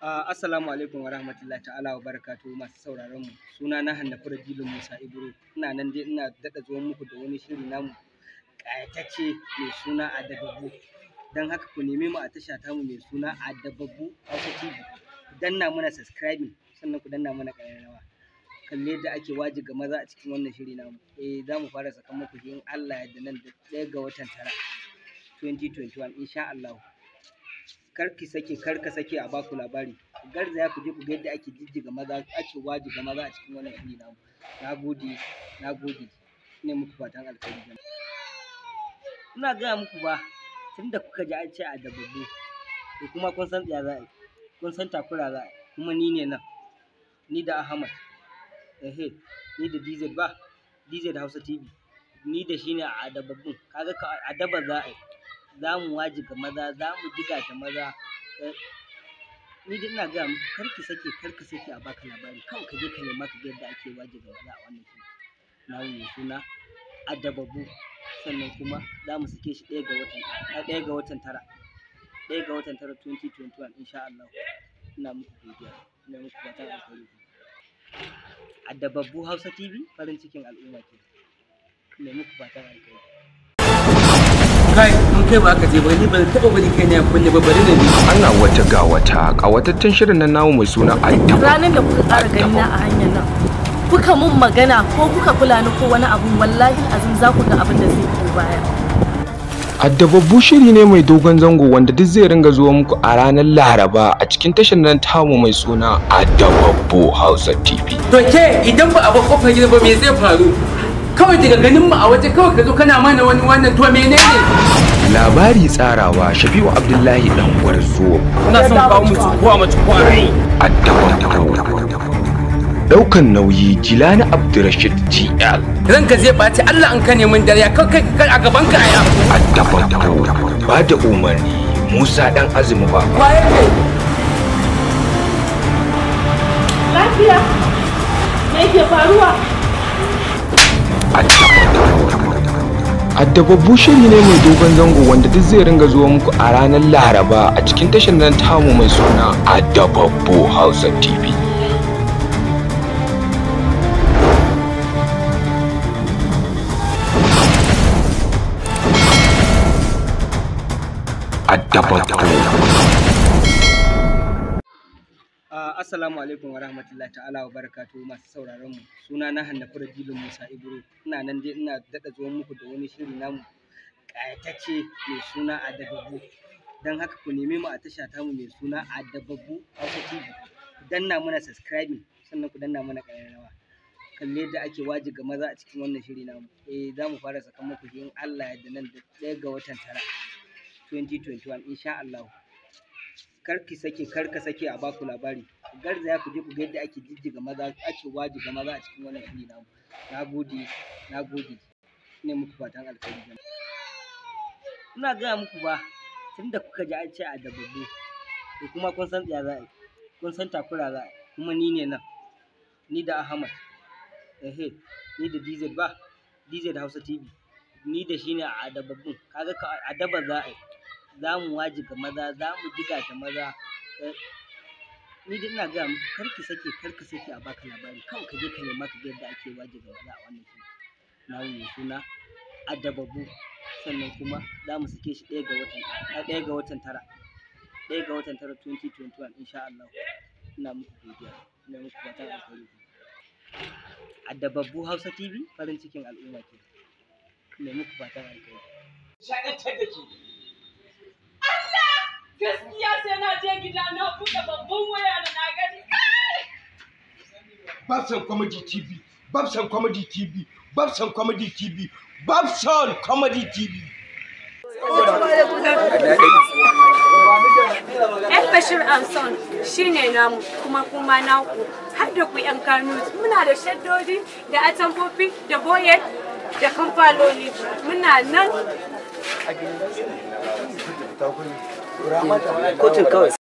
Uh, assalamu alaikum wa rahmatullahi ta'ala wa barakatuhu masu sauraron mu suna na hannu farajilu musa ibro ina nan dai ina daɗa zuwa muku da wani shiri namu ƙayatacce mai suna adababu don haka ku nemi mu a tasha ta mu mai suna adababu hausa tv ku danna mana subscribing sannan ku danna mana ƙararrawa kalle da ake waje ga maza a cikin wannan shiri namu eh za mu fara sakan muku in Allah ya da nan da ɗaya ga watan tara 2021 insha Allah kar ki sake kar ka sake a baku labari garza ku je ku ga yadda ake jijjiga maza ake wajiga maza a cikin wannan fili namu na gode na gode ne muku fatan alkhairi ina gaya muku ba tunda kuka ji an ce a dababbu to kuma kun san tsaya za a yi kun san takura za a yi kuma ni ne nan ni da ahmad ehe ni da dz ba dz hausa tv ni da shi ne a dababbun kaga a daba za a yi za mu wajiga maza za mu diga ta maza eh, ni dai ina gaya muku kar ki sake kar ka sake a baka labari kawai ka je ka nema ka yadda ake wajiga maza a wannan fim na mai suna adababu sannan kuma za mu sake shi ɗaya ga watan ɗaya ga watan tara ɗaya ga watan tara 2021 insha Allah ina muku godiya ina muku fatan alheri adababu Hausa TV farin cikin al'umma ke ina muku fatan alheri kai ba aka je ba ni ban taba bari kai ne a kulle ba bari na ana wata ga wata kawataccen shirin nan namu mai suna addaba ranar da kuka tsara gani na a hanyar nan kuka mun magana ko kuka kula ni ko wani abu, wallahi azum za ku ga abin da zai biyo baya addababbu shiri ne mai dogon zango wanda duk zai ringa zuwa muku a ranar laraba a cikin tashar nan tamu mai suna addababbu hausa tv to ke idan ba a ba kofar gida ba me zai faru kawai daga ganin mu a waje kawai ka zo kana mana wani wannan to menene labari tsarawa shafi'u abdullahi dan gwarzo ina son kawo mutu kuwa mace daukan nauyi jilani abdurashid gl ka zai ɓaci allah an ka neman dare kan kai a gaban ka aya ba da umarni musa dan azumi ba lafiya me ke faruwa addababbu shiri ne mai dogon zango wanda duk zai ringa zuwa muku a ranar laraba a cikin tashar nan tamu mai suna addababbu hausa tv assalamu alaikum wa rahmatullahi ta'ala wa barakatuhu masu sauraron mu suna na hannafi rabilu musa ibro ina nan dai ina daɗa zuwa muku da wani shiri namu ƙayatacce mai suna adababu don haka ku nemi mu a tasha mu mai suna adababu hausa tv ku danna mana subscribing sannan ku danna mana ƙararrawa kalle da ake ga maza a cikin wannan shiri namu eh za mu fara sakan muku in Allah ya da nan da ɗaya ga watan tara 2021 insha Allah kar ki sake kar ka sake a baku labari Garza ya kuje ku ga yadda ake jijjiga maza ake wajiga maza a cikin wannan fili namu nagode nagode ne muku fatan alkhairi ina gaya muku ba tunda kuka ji an ce a dababbu to kuma kun san tsaya za a yi kun san takura za a yi kuma ni ne nan ni da Ahmad ehe ni da DZ ba DZ Hausa TV ni da shi ne a dababbun kaga a daba za a yi za mu wajiga maza za mu diga ta maza eh, ni dai ina gaya muku kar ki sake kar ka sake a baka labari kawai ka je ka nema ka yadda ake wajiga maza a wannan fim na mai suna adababu sannan kuma za mu sake shi ɗaya ga watan ɗaya ga watan tara ɗaya ga watan tara 2021 insha Allah ina muku godiya ina muku fatan alheri adababu Hausa TV farin cikin al'umma ke. Ina muku fatan alheri. Shaɗantar da ke. gaskiya sai na je gida na buɗe babban waya da na gani Babson Comedy TV Babson Comedy TV Babson Comedy TV Babson Comedy TV Yan Bashir Amson shi ne namu kuma kuma naku har da ku 'yan kanu muna da shaddodi da atamfofi da boye da kamfanoni muna nan kotun kawai